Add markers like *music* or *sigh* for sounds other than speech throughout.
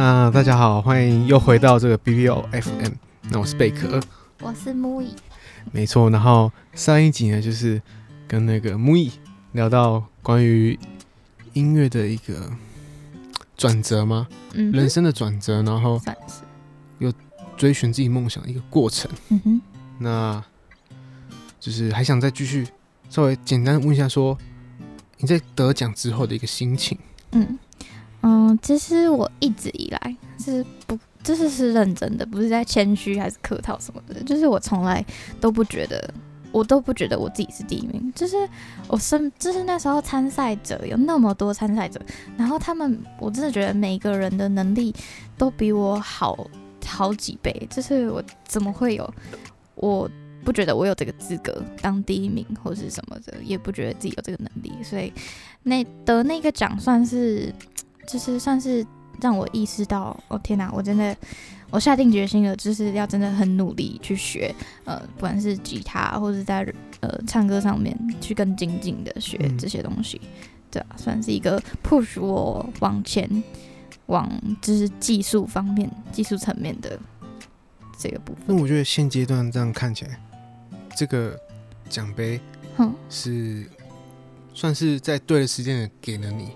那大家好，歡迎又回到這個 B B O F M。嗯、那我是貝殼，我是 MUI。沒錯。然後上一集呢，就是跟那個 MUI 聊到關於音樂的一個轉折嗎？嗯、哼人生的轉折，然後又追尋自己夢想的一個過程。嗯哼那就是還想再繼續稍微簡單問一下，說你在得獎之後的一個心情？嗯。嗯，其實我一直以來是不，就是是認真的，不是在謙虛還是客套什麼的，就是我從來都不覺得，我都不覺得我自己是第一名，就是我身，就是那時候參賽者有那麼多參賽者，然後他們，我真的覺得每個人的能力都比我好好幾倍，就是我怎麼會有，我不覺得我有這個資格當第一名或是什麼的，也不覺得自己有這個能力，所以那得那個獎算是。就是算是讓我意識到，哦天吶、啊，我真的，我下定決心了，就是要真的很努力去學，呃，不管是吉他或者是在呃唱歌上面，去更精進的學這些東西，嗯、對、啊、算是一個 push 我往前，往就是技術方面、技術層面的這個部分。那我覺得現階段這樣看起來，這個獎盃，哼，是算是在對的時間給了你。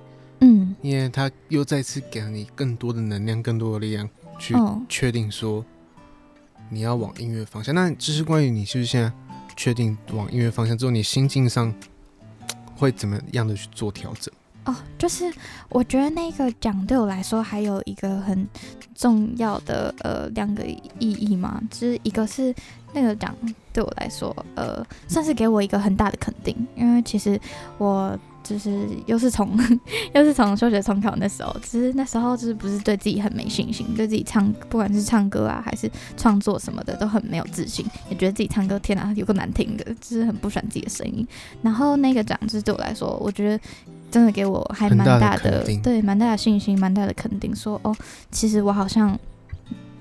嗯，因為他又再次給了你更多的能量，更多的力量去確定說你要往音樂方向。哦、那就是關於你，是不是現在確定往音樂方向之後，你心境上會怎麼樣的去做調整？哦，就是我覺得那個獎對我來說還有一個很重要的呃兩個意義嘛，就是一個是那個獎對我來說呃算是給我一個很大的肯定，嗯、因為其實我。就是又是從，又是從休學重考那時候，其實那時候就是不是對自己很沒信心，對自己唱不管是唱歌啊還是創作什麼的都很沒有自信，也覺得自己唱歌天啊，有夠難聽的，就是很不喜歡自己的聲音。然後那個獎就是對我來說，我覺得真的給我還蠻大的，大的對蠻大的信心，蠻大的肯定，說哦，其實我好像。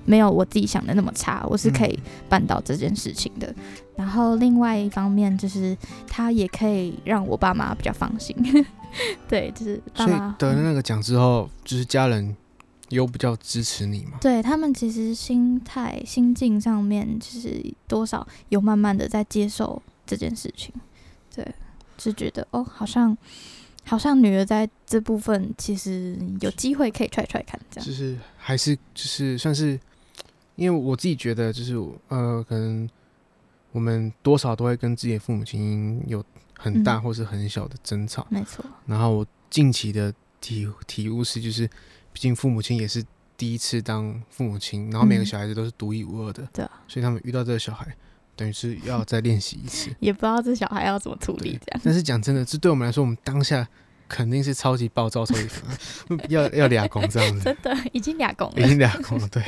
沒有我自己想的那麼差，我是可以辦到這件事情的。嗯、然後另外一方面就是，他也可以讓我爸媽比較放心。 *laughs* 對，就是爸媽，所以得了那個獎之後，嗯、就是家人有比較支持你嘛？對他們其實心態、心境上面其實多少有慢慢的在接受這件事情。對，就覺得哦，好像好像女兒在這部分其實有機會可以踹踹看，這樣就是還是就是算是。因為我自己覺得，就是呃，可能我們多少都會跟自己的父母親有很大或是很小的爭吵，嗯、沒錯。然後我近期的體體悟是，就是畢竟父母親也是第一次當父母親，然後每個小孩子都是獨一無二的，嗯、對。所以他們遇到這個小孩，等於是要再練習一次，也不知道這小孩要怎麼處理這樣。但是講真的，這對我們來說，我們當下肯定是超級暴躁，超級 *laughs* 要要抓狂這樣子，真的已經抓狂了，已經抓狂了，了，對。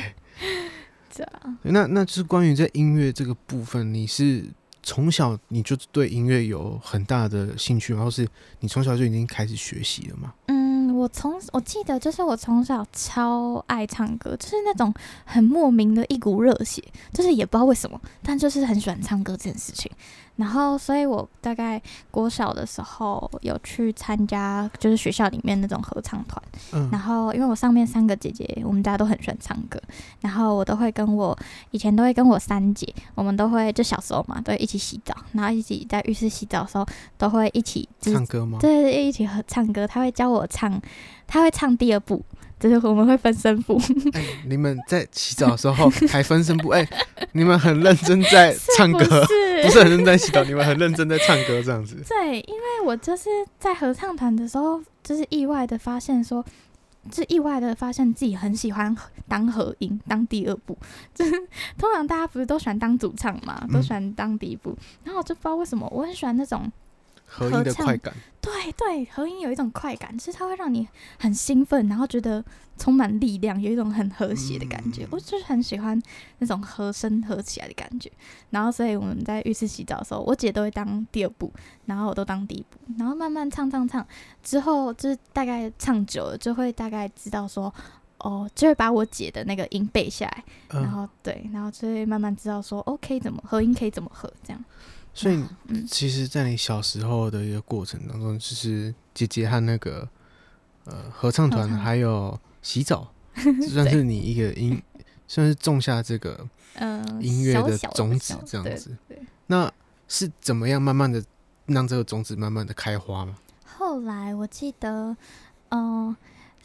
那那，就是關於在音樂這個部分，你是從小你就對音樂有很大的興趣，然後是你從小就已經開始學習了嗎？嗯，我從我記得就是我從小超愛唱歌，就是那種很莫名的一股熱血，就是也不知道為什麼，但就是很喜歡唱歌這件事情。然後，所以我大概國小的時候有去參加，就是學校裡面那種合唱團。嗯、然後，因為我上面三個姐姐，我們家都很喜歡唱歌，然後我都會跟我以前都會跟我三姐，我們都會就小時候嘛，都會一起洗澡，然後一起在浴室洗澡的時候都會一起唱歌嘛。對對，一起和唱歌。她會教我唱，她會唱第二部，就是我們會分聲部。哎，你們在洗澡的時候還分聲部？哎，你們很認真在唱歌，是不，是不是很認真在洗澡？你們很認真在唱歌這樣子？對，因為我就是在合唱團的時候，就是意外的發現說，就是、意外的發現自己很喜歡當合音，當第二部。就是通常大家不是都喜歡當主唱嘛，都喜歡當第一部，嗯、然後我就不知道為什麼，我很喜歡那種。合唱、合音的快感，對對，合音有一種快感，就是它會讓你很興奮，然後覺得充滿力量，有一種很和諧的感覺。嗯，我就是很喜歡那種和聲合起來的感覺。然後，所以我們在浴室洗澡的時候，我姐都會當第二部，然後我都當第一部，然後慢慢唱唱唱，之後就是大概唱久了，就會大概知道說，哦，就會把我姐的那個音背下來，嗯，然後對，然後就會慢慢知道說，OK，怎麼合音可以怎麼合這樣。所以，其實，在你小時候的一個過程當中，嗯、就是姐姐和那個、呃、合唱團，還有洗澡，合唱 *laughs* 算是你一個音，對 *laughs* 算是種下這個音樂的種子，這樣子。小小一個小，對對對，那是怎麼樣慢慢的讓這個種子慢慢的開花嗎？後來我記得，嗯、呃。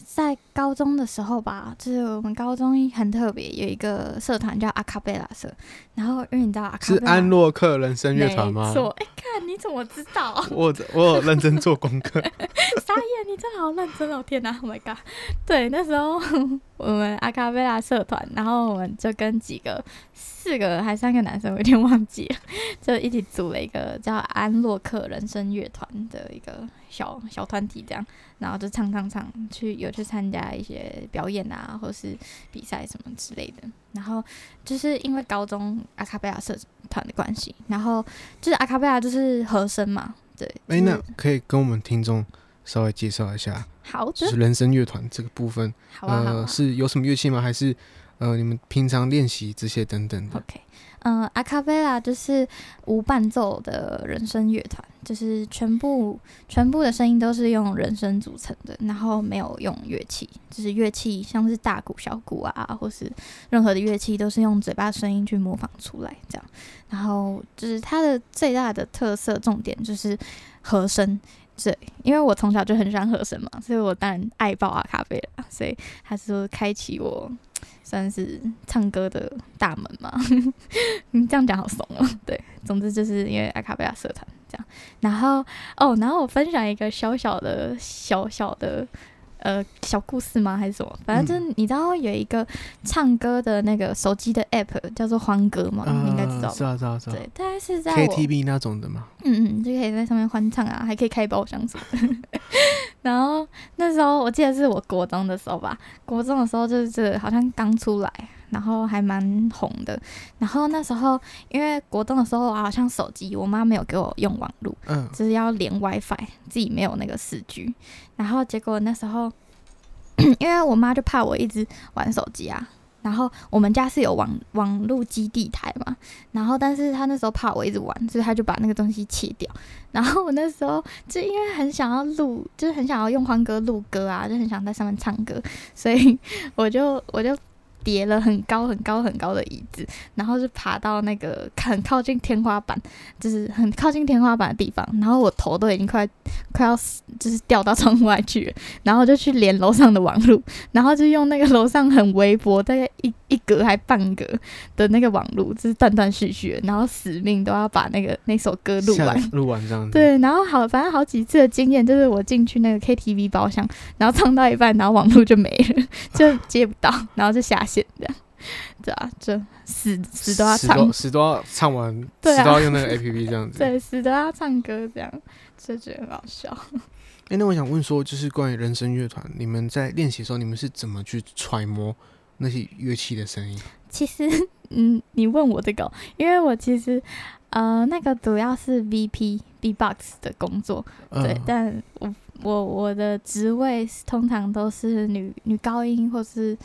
在高中的時候吧，就是我們高中很特別，有一個社團叫阿卡貝拉社。然後因為你知道阿卡貝拉是安洛克人生樂團嗎？說，哎，看你怎麼知道？我我有認真做功課。傻眼， *laughs* 你真的好認真哦！天吶 Oh my God！對，那時候。 *laughs* 我們阿卡貝拉社團，然後我們就跟幾個四個還是三個男生，我有點忘記了，就一起組了一個叫安洛克人生樂團的一個小小團體，這樣，然後就唱唱唱，去有去參加一些表演啊，或是比賽什麼之類的。然後就是因為高中阿卡貝拉社團的關係，然後就是阿卡貝拉就是和聲嘛，對。就是欸，那可以跟我們聽眾。稍微介紹一下，好的，就是人聲樂團這個部分，好啊好啊。呃，是有什麼樂器嗎？還是呃，你們平常練習這些等等 o、okay, 呃、k 嗯，A c a 拉 e l a 就是無伴奏的人聲樂團，就是全部全部的聲音都是用人聲組成的，然後沒有用樂器，就是樂器像是大鼓、小鼓啊，或是任何的樂器，都是用嘴巴聲音去模仿出來這樣。然後就是它的最大的特色重點就是和聲。對，因為我從小就很喜歡和聲嘛，所以我當然愛報阿卡貝拉，所以還是說開啟我算是唱歌的大門嘛。 *laughs* 你這樣講好慫哦、喔。對，總之就是因為阿卡貝拉社團這樣。然後哦，然後我分享一個小小的小小的。呃，小故事嗎？還是什麼？反正就是你知道有一個唱歌的那個手機的 app 叫做歡歌嗎？嗯、你應該知道吧？知道知道。啊啊啊、對，大概是在 KTV 那種的嗎？嗯嗯，就可以在上面歡唱啊，還可以開包廂什麼的。 *laughs* 然後那時候我記得是我國中的時候吧，國中的時候就是、這個、好像剛出來。然後還蠻紅的。然後那時候，因為國中的時候我好像手機我媽沒有給我用網路，嗯，就是要連 WiFi，自己沒有那個四 G。然後結果那時候，因為我媽就怕我一直玩手機啊，然後我們家是有網網路基地台嘛，然後但是她那時候怕我一直玩，所以她就把那個東西切掉。然後我那時候就因為很想要錄，就是很想要用歡歌錄歌啊，就很想在上面唱歌，所以我就我就。疊了很高很高很高的椅子，然後就爬到那個很靠近天花板，就是很靠近天花板的地方，然後我頭都已經快。快要死，就是掉到窗外去，然後就去連樓上的網路，然後就用那個樓上很微薄，大概一一格還半格的那個網路，就是斷斷續續，然後死命都要把那個那首歌錄完，錄完這樣。對，然後好，反正好幾次的經驗，就是我進去那個 KTV 包廂，然後唱到一半，然後網路就沒了， *laughs* 就接不到，然後就下線這樣，對啊，就死死都要唱，死都，都要唱完，對啊，死都要用那個 APP 這樣子，對，死都要唱歌這樣。這覺得很好笑。哎、欸，那我想問說，就是關於人聲樂團，你們在練習的時候，你們是怎麼去揣摩那些樂器的聲音？其實，嗯，你問我這個，因為我其實，呃，那個主要是 V P B Box 的工作，呃、對。但我我我的職位通常都是女女高音，或是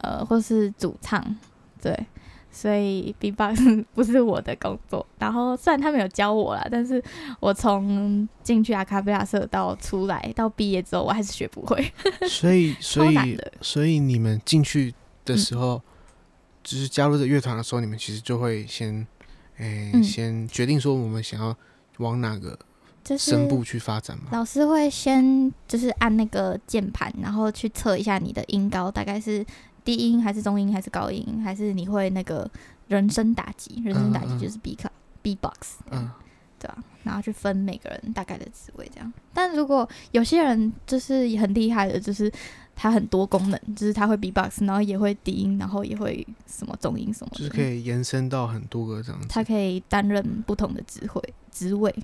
呃，或是主唱，對。所以 B-box 不是我的工作。然後，雖然他們有教我啦，但是我從進去阿卡貝拉社到出來到畢業之後，我還是學不會。 *laughs* 所以，所以，所以你們進去的時候，嗯、就是加入這樂團的時候，你們其實就會先，欸嗯、先決定說我們想要往哪個聲部去發展嘛。老師會先就是按那個鍵盤，然後去測一下你的音高，大概是。低音還是中音還是高音，還是你會那個人聲打擊？人聲打擊就是 B 卡 B box，嗯，嗯對吧、啊？然後去分每個人大概的職位這樣。但如果有些人就是很厲害的，就是他很多功能，就是他會 B box，然後也會低音，然後也會什麼中音什麼，什麼，就是可以延伸到很多個這樣子。他可以擔任不同的職位，職位，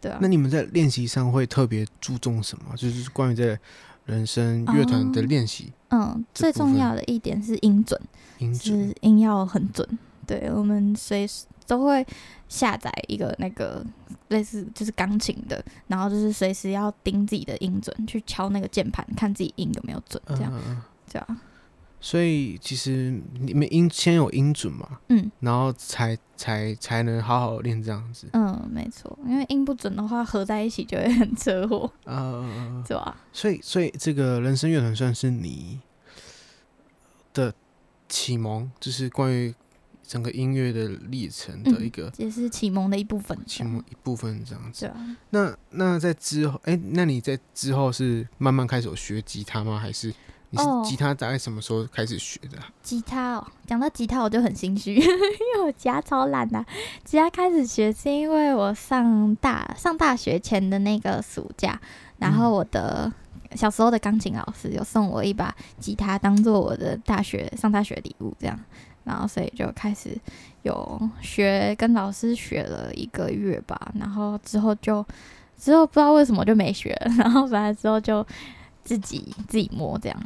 對啊。那你們在練習上會特別注重什麼？就是關於在。人聲樂團的練習，哦，嗯，最重要的一點是音準，音準就是音要很準。對，我們隨時都會下載一個那個類似就是鋼琴的，然後就是隨時要盯自己的音準，去敲那個鍵盤，看自己音有沒有準，這樣、嗯、這樣。所以其實你們音先有音準嘛，嗯，然後才才才能好好練這樣子，嗯，沒錯，因為音不準的話合在一起就會很車禍，嗯、呃。是吧？所以所以這個人生樂團算是你的啟蒙，就是關於整個音樂的歷程的一個，嗯、也是啟蒙的一部分，啟蒙一部分這樣子，對啊、那那在之後，哎、欸，那你在之後是慢慢開始有學吉他嗎？還是？你是吉他大概什麼時候開始學的？Oh, 吉他哦、喔，講到吉他我就很心虛，因為我吉他超懶的、啊。吉他開始學是因為我上大上大學前的那個暑假，然後我的小時候的鋼琴老師有送我一把吉他當做我的大學上大學禮物，這樣，然後所以就開始有學，跟老師學了一個月吧，然後之後就之後不知道為什麼就沒學，然後本來之後就。自己自己摸這樣，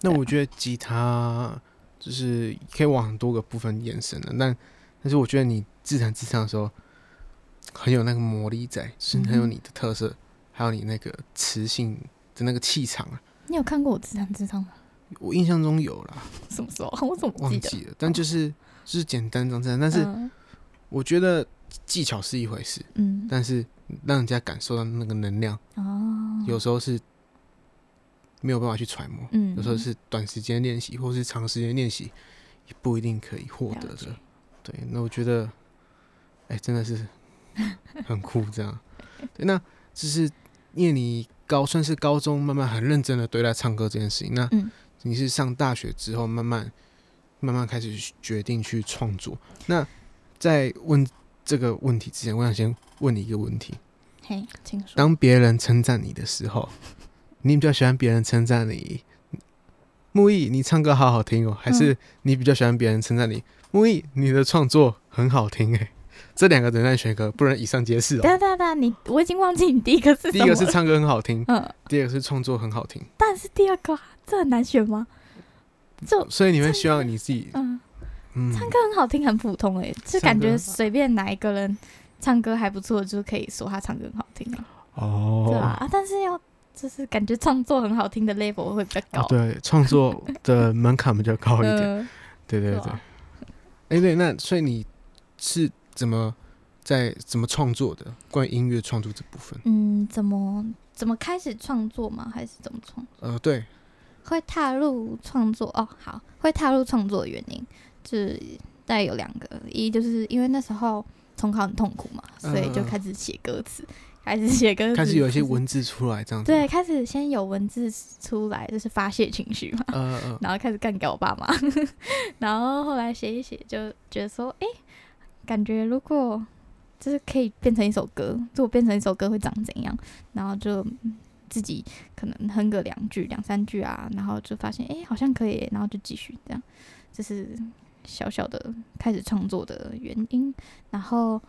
那我覺得吉他就是可以往很多個部分延伸的。但但是我覺得你自彈自唱的時候很有那個魔力在，是很有你的特色，嗯、還有你那個磁性的那個氣場啊。你有看過我自彈自唱嗎？我印象中有啦， *laughs* 什麼時候？我怎麼記得我忘記了？哦、但就是就是簡單這樣，彈自但是、嗯、我覺得技巧是一回事，嗯，但是讓人家感受到那個能量哦，有時候是。沒有辦法去揣摩，嗯、有時候是短時間練習，或是長時間練習，也不一定可以獲得的。了解。對，那我覺得，哎、欸，真的是很酷，這樣。 *laughs* 對，那就是因為你高，算是高中慢慢很認真的對待唱歌這件事情。那，嗯、你是上大學之後慢慢慢慢開始決定去創作。那在問這個問題之前，我想先問你一個問題。嘿，請說。當別人稱讚你的時候。你比較喜歡別人稱讚你，木易，你唱歌好好聽哦、喔。還是你比較喜歡別人稱讚你，嗯、木易，你的創作很好聽哎、欸。這兩個人難選歌，不然以上皆是、喔。等下等下等下，你我已經忘記你第一個字了，第一個是唱歌很好聽，嗯，第二個是創作很好聽、嗯。但是第二個、啊、這很難選嗎？就所以你會希望你自己，嗯，嗯唱歌很好聽很普通哎、欸，就感覺隨便哪一個人唱歌還不錯，就可以說他唱歌很好聽、啊、哦，對吧、啊啊？但是要。就是感覺創作很好聽的 level 會比較高、啊，對，創作的門檻比較高一點， *laughs* 呃、對對對。哎哇、欸，對，那所以你是怎麼在怎麼創作的？關於音樂創作這部分，嗯，怎麼怎麼開始創作嗎？還是怎麼創作？呃，對，會踏入創作哦，好，會踏入創作的原因，就是大概有兩個，一就是因為那時候重考很痛苦嘛，所以就開始寫歌詞。呃開始寫歌，開始有一些文字出來，這樣子。對，開始先有文字出來，就是發洩情緒嘛。呃呃，然後開始幹給我爸媽， *laughs* 然後後來寫一寫，就覺得說，哎、欸，感覺如果就是可以變成一首歌，就我變成一首歌會長怎樣？然後就自己可能哼個兩句、兩三句啊，然後就發現，哎、欸，好像可以，然後就繼續這樣，就是小小的開始創作的原因，然後。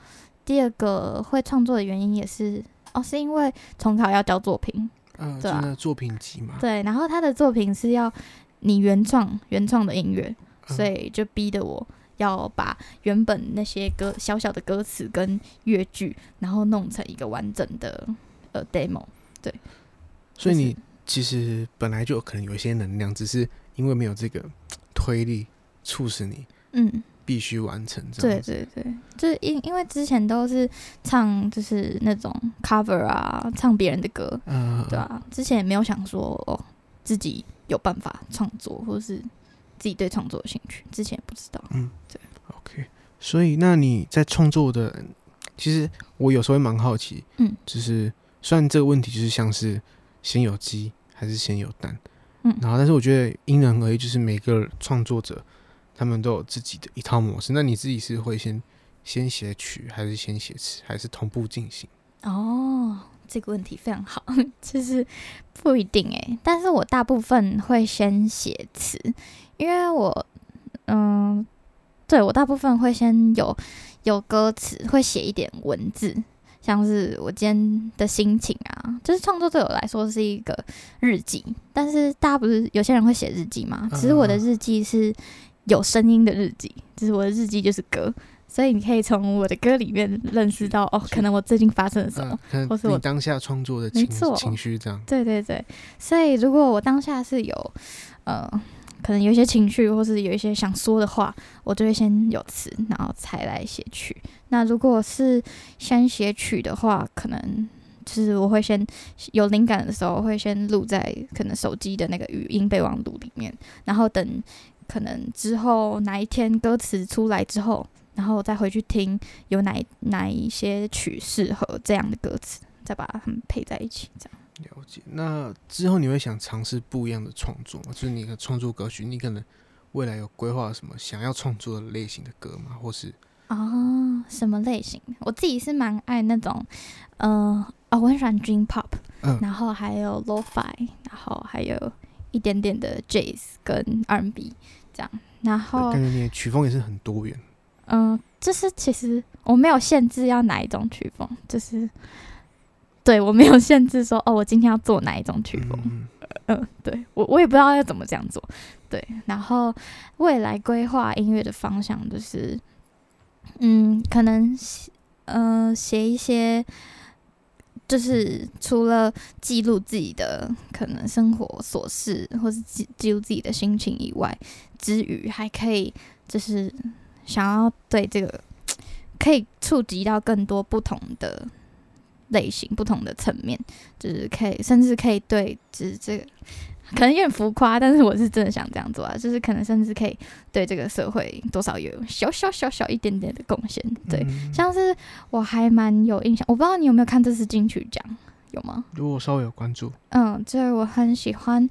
第二個會創作的原因也是哦，是因為重考要交作品，嗯、呃，對、啊，作品集嘛。對，然後他的作品是要你原創原創的音樂，嗯、所以就逼得我要把原本那些歌小小的歌詞跟樂句，然後弄成一個完整的呃 demo。對，所以你其實本來就可能有一些能量，只是因為沒有這個推力促使你，嗯。必須完成這樣。對對對，就是因因為之前都是唱就是那種 cover 啊，唱別人的歌，呃、對啊，之前也沒有想說、哦、自己有辦法創作，或是自己對創作有興趣，之前也不知道。嗯，對。OK，所以那你在創作的，其實我有時候蠻好奇，嗯，就是雖然這個問題就是像是先有雞還是先有蛋，嗯，然後但是我覺得因人而異，就是每個創作者。他們都有自己的一套模式。那你自己是會先先寫曲，還是先寫詞，還是同步進行？哦，這個問題非常好，呵呵，就是不一定哎，欸。但是我大部分會先寫詞，因為我嗯、呃，對我大部分會先有有歌詞，會寫一點文字，像是我今天的心情啊。就是創作對我來說是一個日記，但是大家不是有些人會寫日記嗎？其實我的日記是。嗯啊有聲音的日記，就是我的日記，就是歌，所以你可以從我的歌裡面認識到哦，可能我最近發生了什麼，或是我當下創作的情情緒這樣。沒錯，對對對，所以如果我當下是有呃，可能有一些情緒，或是有一些想說的話，我就會先有詞，然後才來寫曲。那如果是先寫曲的話，可能就是我會先有靈感的時候，會先錄在可能手機的那個語音備忘錄裡面，然後等。可能之後哪一天歌詞出來之後，然後再回去聽，有哪哪一些曲適合這樣的歌詞，再把它們配在一起，這樣。了解。那之後你會想嘗試不一樣的創作嗎？就是你的創作歌曲，你可能未來有規劃什麼想要創作的類型的歌嗎？或是啊、哦，什麼類型？我自己是蠻愛那種，嗯、呃、啊、哦，我很喜歡 Dream Pop，、嗯、然後還有 Lo-Fi，然後還有一點點的 Jazz 跟 R&B。B 嗯這樣，然後感覺你的曲風也是很多元。嗯、呃，就是其實我沒有限制要哪一種曲風，就是，對，我沒有限制說哦，我今天要做哪一種曲風。嗯，呃，對，我我也不知道要怎麼這樣做。對，然後未來規劃音樂的方向就是，嗯，可能嗯寫、呃、寫一些。就是除了記錄自己的可能生活瑣事，或是記記錄自己的心情以外，之餘還可以就是想要對這個可以觸及到更多不同的類型，不同的層面，就是可以甚至可以對就是這個。可能有點浮誇，但是我是真的想這樣做啊，就是可能甚至可以對這個社會多少有小小小小一點點的貢獻。對，嗯、像是我還蠻有印象，我不知道你有沒有看這次金曲獎，有嗎？如果稍微有關注。嗯，就是我很喜歡，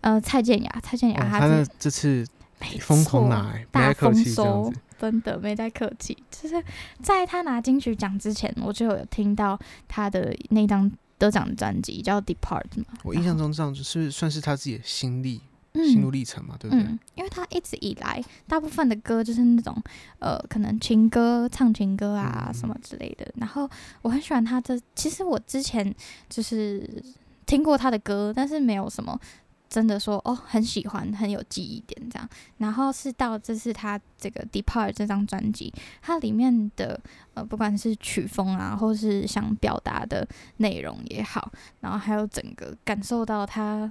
呃，蔡健雅，蔡健雅，他是、嗯、這次、欸、沒封控拿，大豐收，真的沒在客氣。就是在他拿金曲獎之前，我就有聽到他的那張。得獎專輯叫《Depart》嗎？我印象中這樣子是算是他自己的心歷、嗯、心路歷程嘛，嗯、對不對？因為他一直以來大部分的歌就是那種呃，可能情歌唱情歌啊、嗯、什麼之類的。然後我很喜歡他這，其實我之前就是聽過他的歌，但是沒有什麼。真的說哦，很喜歡，很有記憶點這樣。然後是到這是他這個《Depart》這張專輯，它裡面的呃，不管是曲風啊，或是想表達的內容也好，然後還有整個感受到他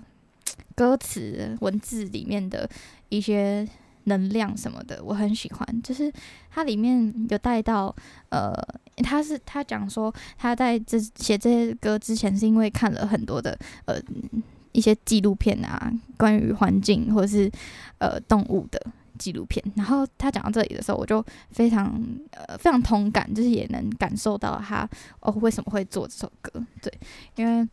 歌詞文字裡面的一些能量什麼的，我很喜歡。就是它裡面有帶到呃，他是他講說，他在這寫這些歌之前，是因為看了很多的呃，一些紀錄片啊，關於環境或者是呃動物的紀錄片。然後他講到這裡的時候，我就非常呃非常同感，就是也能感受到他哦為什麼會做這首歌，對，因為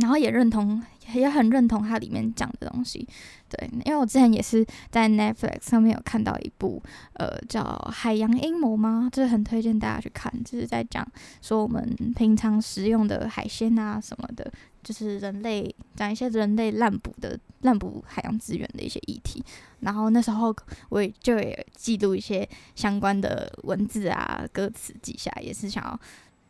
然後也認同，也很認同他裡面講的東西，對，因為我之前也是在 Netflix 上面有看到一部呃叫《海洋陰謀》嗎？就是很推薦大家去看，就是在講說我們平常食用的海鮮啊什麼的。就是人類講一些人類濫捕的濫捕海洋資源的一些議題，然後那時候我也就也記錄一些相關的文字啊歌詞記下，也是想要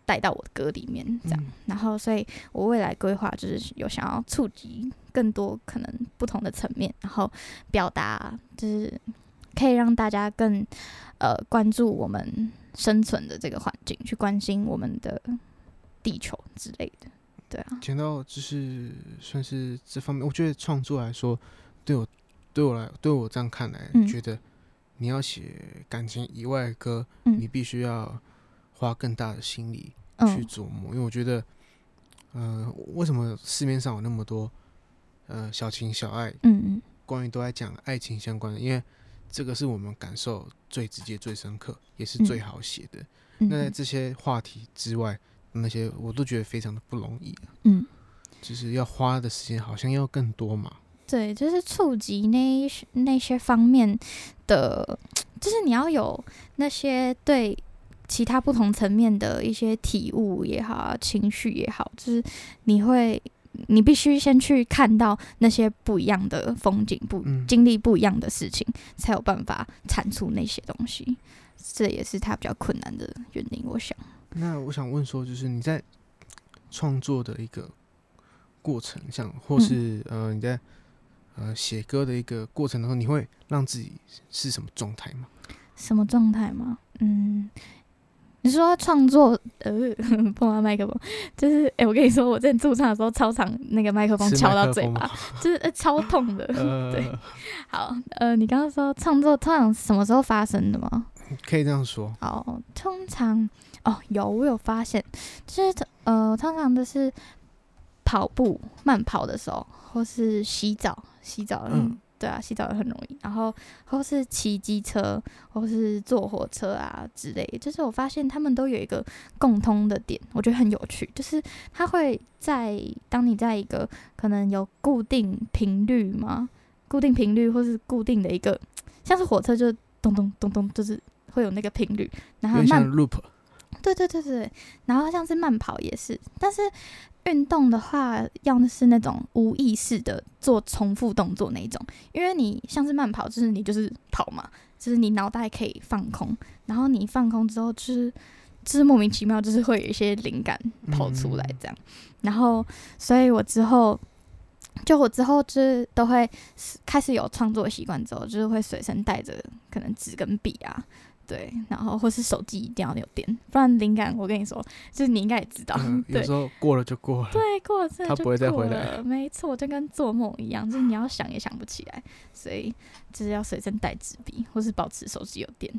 帶到我的歌裡面這樣。嗯。然後，所以我未來規劃就是有想要觸及更多可能不同的層面，然後表達就是可以讓大家更呃關注我們生存的這個環境，去關心我們的地球之類的。講到就是算是這方面，我覺得創作來說，對我對我來對我這樣看來，嗯、覺得你要寫感情以外的歌，嗯、你必須要花更大的心力去琢磨。哦、因為我覺得、呃，為什麼市面上有那麼多、呃、小情小愛，嗯，關於都在講愛情相關的？因為這個是我們感受最直接、最深刻，也是最好寫的。那、嗯、在這些話題之外。那些我都覺得非常的不容易啊。嗯，就是要花的時間好像要更多嘛。對，就是觸及那那些方面的，就是你要有那些對其他不同層面的一些體悟也好啊，情緒也好，就是你會，你必須先去看到那些不一樣的風景，不經歷不一樣的事情，嗯，才有辦法產出那些東西。這也是他比較困難的原因，我想。那我想問說，就是你在創作的一個過程，像或是、嗯、呃你在呃寫歌的一個過程當中，你會讓自己是什麼狀態嗎？什麼狀態嗎？嗯，你說創作呃碰到麥克風，就是哎、欸，我跟你說，我在駐唱的時候，超常那個麥克風敲到嘴巴，是就是呃，超痛的。呃、對，好，呃，你剛剛說創作通常什麼時候發生的嗎？可以這樣說。好，通常。哦，有我有發現，就是呃，通常的是跑步慢跑的時候，或是洗澡洗澡，嗯、對啊，洗澡也很容易，然後或是騎機車，或是坐火車啊之類，就是我發現他們都有一個共通的點，我覺得很有趣，就是它會在當你在一個可能有固定頻率嘛，固定頻率或是固定的一個，像是火車就咚咚咚咚，就是會有那個頻率，然後慢對對對對，然後像是慢跑也是，但是運動的話，要的是那種無意識的做重複動作那種，因為你像是慢跑，就是你就是跑嘛，就是你腦袋可以放空，然後你放空之後，就是就是莫名其妙，就是會有一些靈感跑出來這樣，嗯、然後所以我之後，就我之後就是都會開始有創作習慣之後，就是會隨身帶着可能紙跟筆啊。對，然後或是手機一定要有電，不然靈感，我跟你說，就是你應該也知道，嗯、對有時候過了就過了，對，過了真的就過了他，不會再回來，沒錯，就跟做夢一樣，就是你要想也想不起來，所以就是要隨身帶紙筆，或是保持手機有電，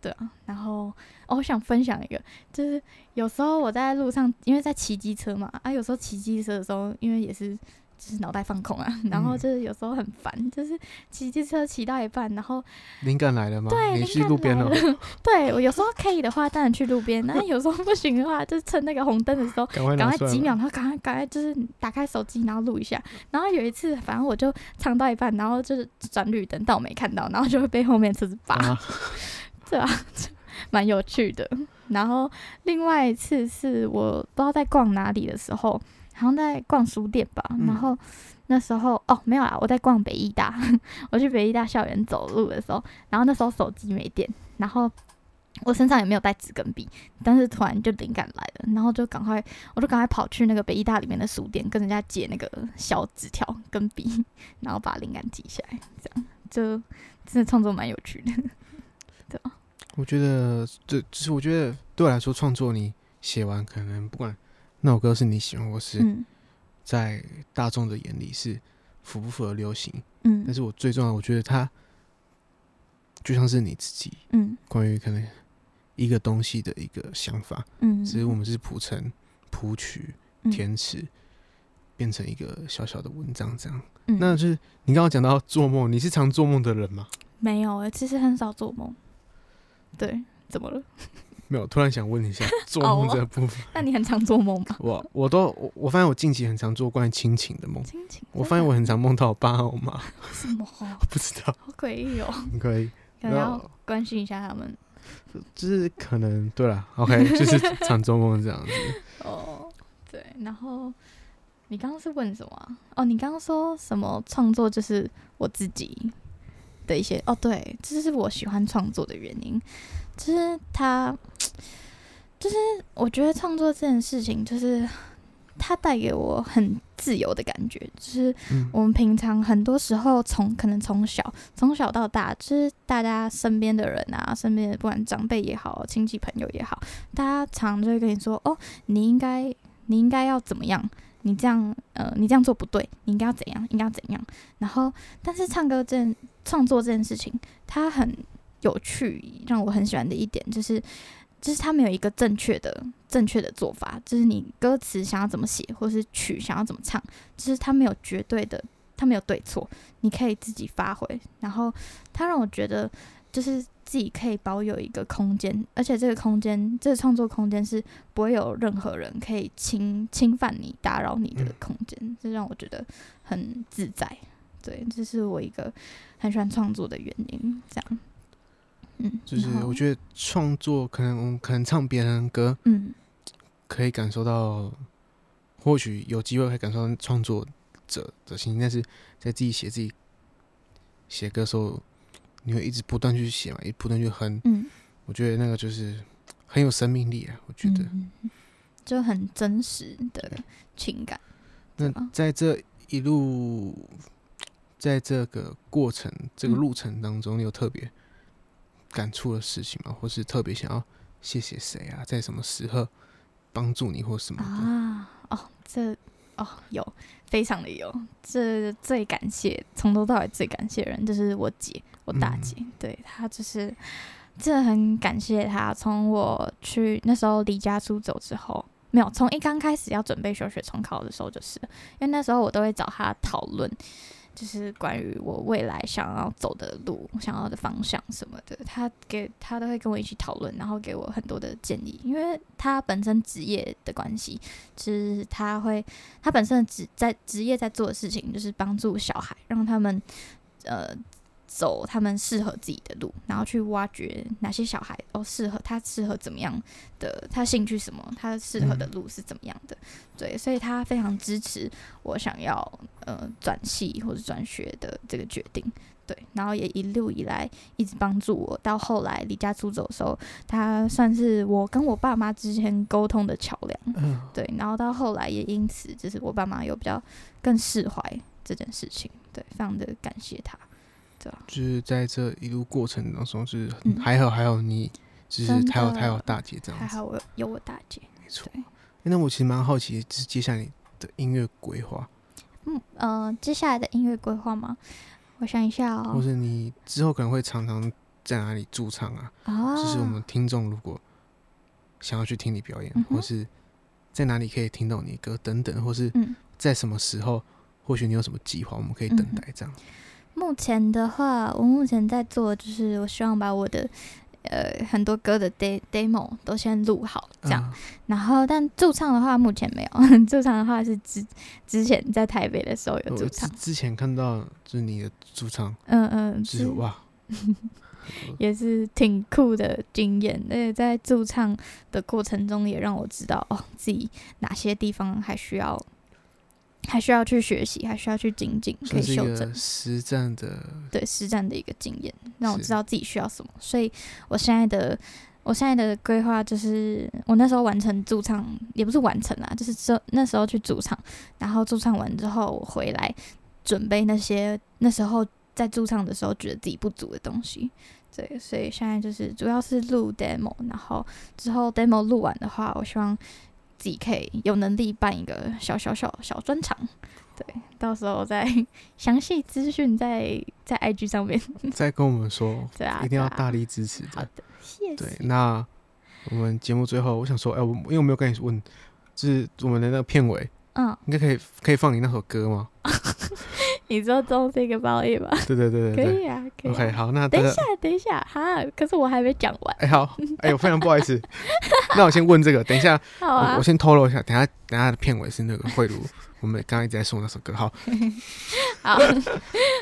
對啊，然後、哦、我想分享一個，就是有時候我在路上，因為在騎機車嘛，啊，有時候騎機車的時候，因為也是。就是腦袋放空啊，嗯、然後就是有時候很煩，就是騎機車騎到一半，然後靈感來了嗎？對，去路邊了。了 *laughs* 對，我有時候可以的話，當然去路邊，但有時候不行的話，就是趁那個紅燈的時候，趕 *laughs* 快，快幾秒，然後趕快，趕快就是打開手機，然後錄一下。然後有一次，反正我就唱到一半，然後就是轉綠燈，但我沒看到，然後就會被後面車子叭。啊 *laughs* 對啊，蠻有趣的。然後另外一次是我不知道在逛哪裡的時候。好像在逛書店吧，嗯、然後那時候哦，沒有啊，我在逛北藝大， *laughs* 我去北藝大校園走路的時候，然後那時候手機沒電，然後我身上也沒有帶紙跟筆，但是突然就靈感來了，然後就趕快，我就趕快跑去那個北藝大裡面的書店，跟人家借那個小紙條跟筆，然後把靈感記下來，這樣就真的創作蠻有趣的， *laughs* 對吧？我覺得，這只、就是我覺得對我來說，創作你寫完可能不管。那首歌是你喜歡過，是、嗯、在大眾的眼裡是符不符合流行？嗯，但是我最重要，我覺得它就像是你自己，嗯，關於可能一個東西的一個想法，嗯，只是我們是譜成譜曲、填詞、嗯，變成一個小小的文章這樣。嗯、那就是你剛剛講到做夢，你是常做夢的人嗎？沒有、欸，其實很少做夢。對，怎麼了？沒有，突然想問一下做夢這部分 *laughs* 哦。那你很常做夢嗎？我我都我我發現我近期很常做關於親情的夢。的我發現我很常夢到我爸我媽。什麼？ *laughs* 我不知道。好詭異哦。很詭異。可能要關心一下他們。就是可能對了。OK， *laughs* 就是常做夢這樣子。 *laughs* 哦，對。然後你剛剛是問什麼？哦，你剛剛說什麼？創作就是我自己的一些哦，對，這是我喜歡創作的原因。就是他，就是我覺得創作這件事情，就是他帶給我很自由的感覺。就是我們平常很多時候，從可能從小從小到大，就是大家身邊的人啊，身邊不管長輩也好，親戚朋友也好，大家常常就會跟你說：“哦，你應該你應該要怎麼樣？你這樣呃，你這樣做不對，你應該要怎樣？應該要怎樣？”然後，但是唱歌這創作這件事情，它很。有趣，讓我很喜歡的一點就是，就是他沒有一個正確的正確的做法，就是你歌詞想要怎麼寫，或是曲想要怎麼唱，就是他沒有絕對的，他沒有對錯，你可以自己發揮。然後他讓我覺得，就是自己可以保有一個空間，而且這個空間，這個創作空間是不會有任何人可以侵侵犯你、打擾你的空間，這、就是、讓我覺得很自在。對，這、就是我一個很喜歡創作的原因。這樣。嗯，就是我覺得創作可能我可能唱別人歌，嗯，可以感受到，或許有機會會感受到創作者的心，但是在自己寫自己寫歌的時候，你會一直不斷去寫嘛，也不斷去哼，我覺得那個就是很有生命力啊，我覺得就很真實的情感。那在這一路，在這個過程、這個路程當中，你有特別感觸的事情嘛，或是特別想要謝謝誰啊，在什麼時候幫助你或什麼啊？哦，這哦有，非常的有。這最感謝從頭到尾最感謝人就是我姐，我大姐，嗯、對，她就是真的很感謝她。從我去那時候離家出走之後，沒有從一剛開始要準備休學重考的時候，就是因為那時候我都會找她討論。就是關於我未來想要走的路，想要的方向什麼的，他給他都會跟我一起討論，然後給我很多的建議。因為他本身職業的關係，就是他會他本身職在職業在做的事情，就是幫助小孩，讓他們呃。走他們適合自己的路，然後去挖掘哪些小孩哦，適合他適合怎麼樣的他興趣什麼，他適合的路是怎麼樣的，嗯、對，所以他非常支持我想要呃轉系或者轉學的這個決定，對，然後也一路以來一直幫助我，到後來離家出走的時候，他算是我跟我爸媽之間溝通的橋梁，嗯、對，然後到後來也因此就是我爸媽有比較更釋懷這件事情，對，非常的感謝他。就是在這一路過程當中，就是還好，還好你，嗯、就是還有，他有大姐這樣，還好我有，有我大姐，沒錯錯對、欸。那我其實蠻好奇，就是接下來的音樂規劃。嗯呃，接下來的音樂規劃嗎？我想一下啊、哦。或是你之後可能會常常在哪裡駐唱啊？啊就是我們聽眾如果想要去聽你表演，嗯、哼或是在哪裡可以聽到你歌等等，或是在什麼時候，嗯、或許你有什麼計劃，我們可以等待這樣。嗯目前的話，我目前在做，就是我希望把我的呃很多歌的 de demo 都先錄好，這樣。嗯、然後，但駐唱的話目前沒有，駐唱的話是之之前在台北的時候有駐唱。之前看到就是你的駐唱，嗯嗯，呃、是哇，也是挺酷的經驗。那在駐唱的過程中，也讓我知道、哦、自己哪些地方還需要。還需要去學習，還需要去精進，可以修正實戰的對實戰的一個經驗，讓我知道自己需要什麼。是所以我現在的我現在的規劃就是，我那時候完成駐唱也不是完成啦，就是那時候去駐唱，然後駐唱完之後回來準備那些那時候在駐唱的時候覺得自己不足的東西。對，所以現在就是主要是錄 demo，然後之後 demo 錄完的話，我希望。自己可以有能力辦一個小小小小專場，對，到時候再詳細資訊在在 IG 上面，再跟我們說，對啊，一定要大力支持。啊、對好的，謝謝。對，那我們節目最後我想說，哎、欸，我因為我沒有跟你問，就是我們的那個片尾，嗯，應該可以可以放你那首歌嗎？ *laughs* 你知道中這個包義吧，對對對，可以啊。可以。OK，好，那等一下，等一下，哈，可是我還沒講完。哎，好，哎呦，非常不好意思。那我先問這個，等一下，我我先透露一下，等下等下的片尾是那個惠如，我們剛剛一直在送那首歌。好，好，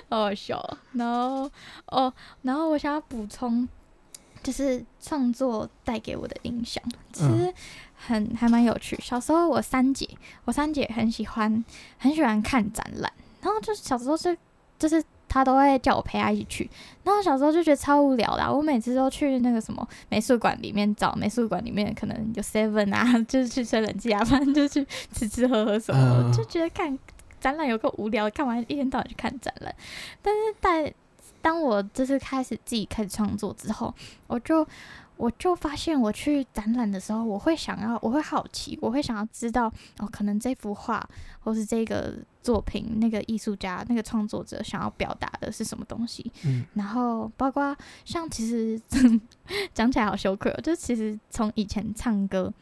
好好笑。然後哦，然後我想要補充，就是創作帶給我的印象，其實很還蠻有趣。小時候我三姐，我三姐很喜歡很喜歡看展覽。然後就是小時候是，就是他都會叫我陪他一起去。然後小時候就覺得超無聊的、啊，我每次都去那個什麼美術館裡面找，美術館裡面可能有 seven 啊，就是去吹冷氣啊，反正就去吃吃喝喝什麼，我就覺得看展覽有夠無聊，看完一天到晚去看展覽。但是在當我就是開始自己開始創作之後，我就。我就發現，我去展覽的時候，我會想要，我會好奇，我會想要知道，哦，可能這幅畫或是這個作品，那個藝術家、那個創作者想要表達的是什麼東西。嗯，然後包括像，其實講起來好羞愧喔，就是其實從以前唱歌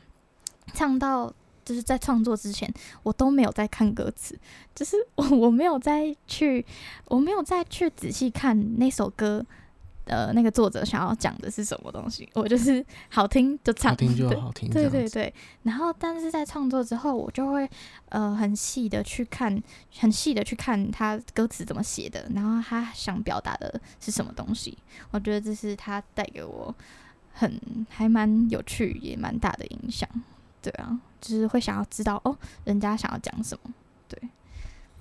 唱到，就是在創作之前，我都沒有在看歌詞，就是我我沒有再去，我沒有再去仔細看那首歌。呃，那個作者想要講的是什麼東西？我就是好聽就唱，好聽就好聽，對，對對對。然後，但是在創作之後，我就會呃很細的去看，很細的去看他歌詞怎麼寫的，然後他想表達的是什麼東西？我覺得這是他帶給我很還蠻有趣，也蠻大的影響。對啊，就是會想要知道哦，人家想要講什麼？對，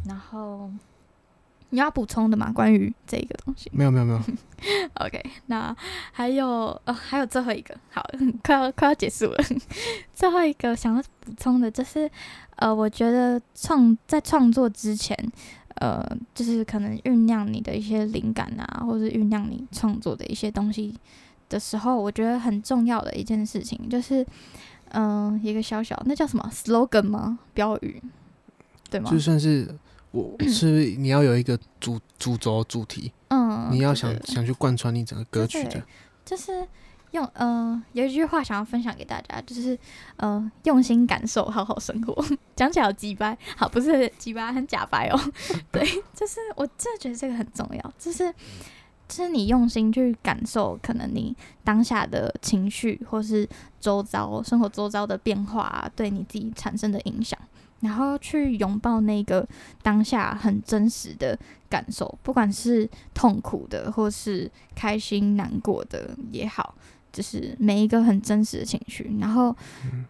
然後。你要補充的嗎？關於這個東西，沒有沒有沒有。沒有沒有 *laughs* OK，那還有呃還有最後一個，好，快要快要結束了。 *laughs* 最後一個想要補充的就是，呃，我覺得創在創作之前，呃，就是可能醞釀你的一些靈感啊，或者醞釀你創作的一些東西的時候，我覺得很重要的一件事情就是，嗯、呃，一個小小那叫什麼 slogan 嗎？標語，對嗎？就算是。是，你要有一個主主軸主題，嗯，你要想對對對想去貫穿你整個歌曲的，就是用，嗯、呃，有一句話想要分享給大家，就是，嗯、呃，用心感受，好好生活。講 *laughs* 起來好直白，好，不是直白，很假掰哦， *laughs* 對，就是我真的覺得這個很重要，就是，就是你用心去感受，可能你當下的情緒，或是周遭生活周遭的變化、啊，對你自己產生的影響。然後去擁抱那個當下很真實的感受，不管是痛苦的或是開心、難過的也好，就是每一個很真實的情緒。然後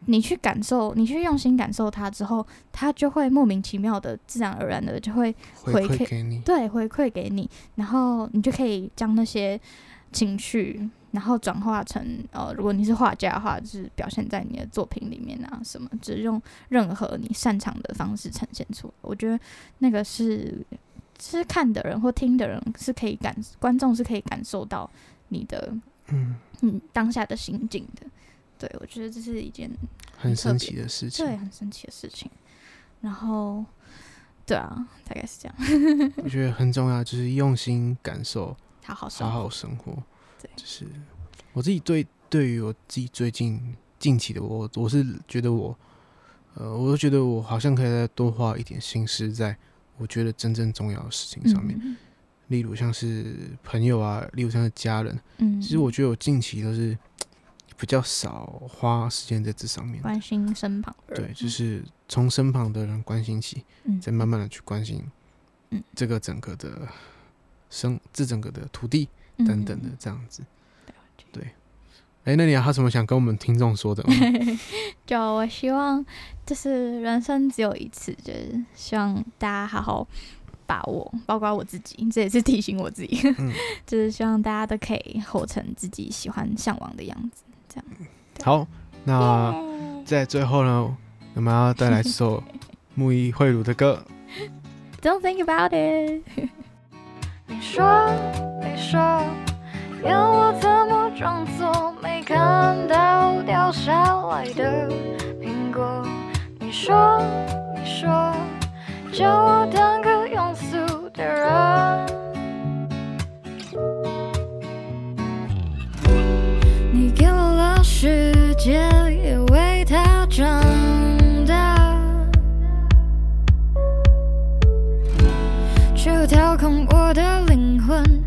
你去感受，你去用心感受它之後，它就會莫名其妙的、自然而然的就會回，回饋給你，對，回饋給你。然後你就可以將那些情緒。然後轉化成，呃，如果你是畫家的話，就是表現在你的作品裡面啊，什麼，只用任何你擅長的方式呈現出來。我覺得那個是，其實看的人或聽的人是可以感，觀眾是可以感受到你的，嗯嗯，當下的心境的。對，我覺得這是一件很神奇的事情，對，很神奇的事情。然後，對啊，大概是這樣。 *laughs* 我覺得很重要，就是用心感受，好好生活。好好生活對就是，我自己對對於我自己最近近期的我，我是覺得我，呃，我都覺得我好像可以再多花一點心思在我覺得真正重要的事情上面，嗯、例如像是朋友啊，例如像是家人。嗯，其實我覺得我近期都是比較少花時間在這上面，關心身旁的。對，就是從身旁的人關心起，嗯、再慢慢的去關心，嗯，這個整個的生、嗯、這整個的土地。等等的這樣子，嗯、對，哎，那你還、啊、有什麼想跟我們聽眾說的嗎？嗯、 *laughs* 就我希望，就是人生只有一次，就是希望大家好好把握，包括我自己，這也是提醒我自己，嗯、 *laughs* 就是希望大家都可以活成自己喜歡、嚮往的樣子。這樣。好，那在最後呢，哇我們要帶來這首楊惠如的歌。 *laughs* Don't think about it. 你說，你說，要我怎麼裝作沒看到掉下來的蘋果？你說，你說，叫我當個庸俗的人？你給我了世界，也為他長大，卻又掏空我的。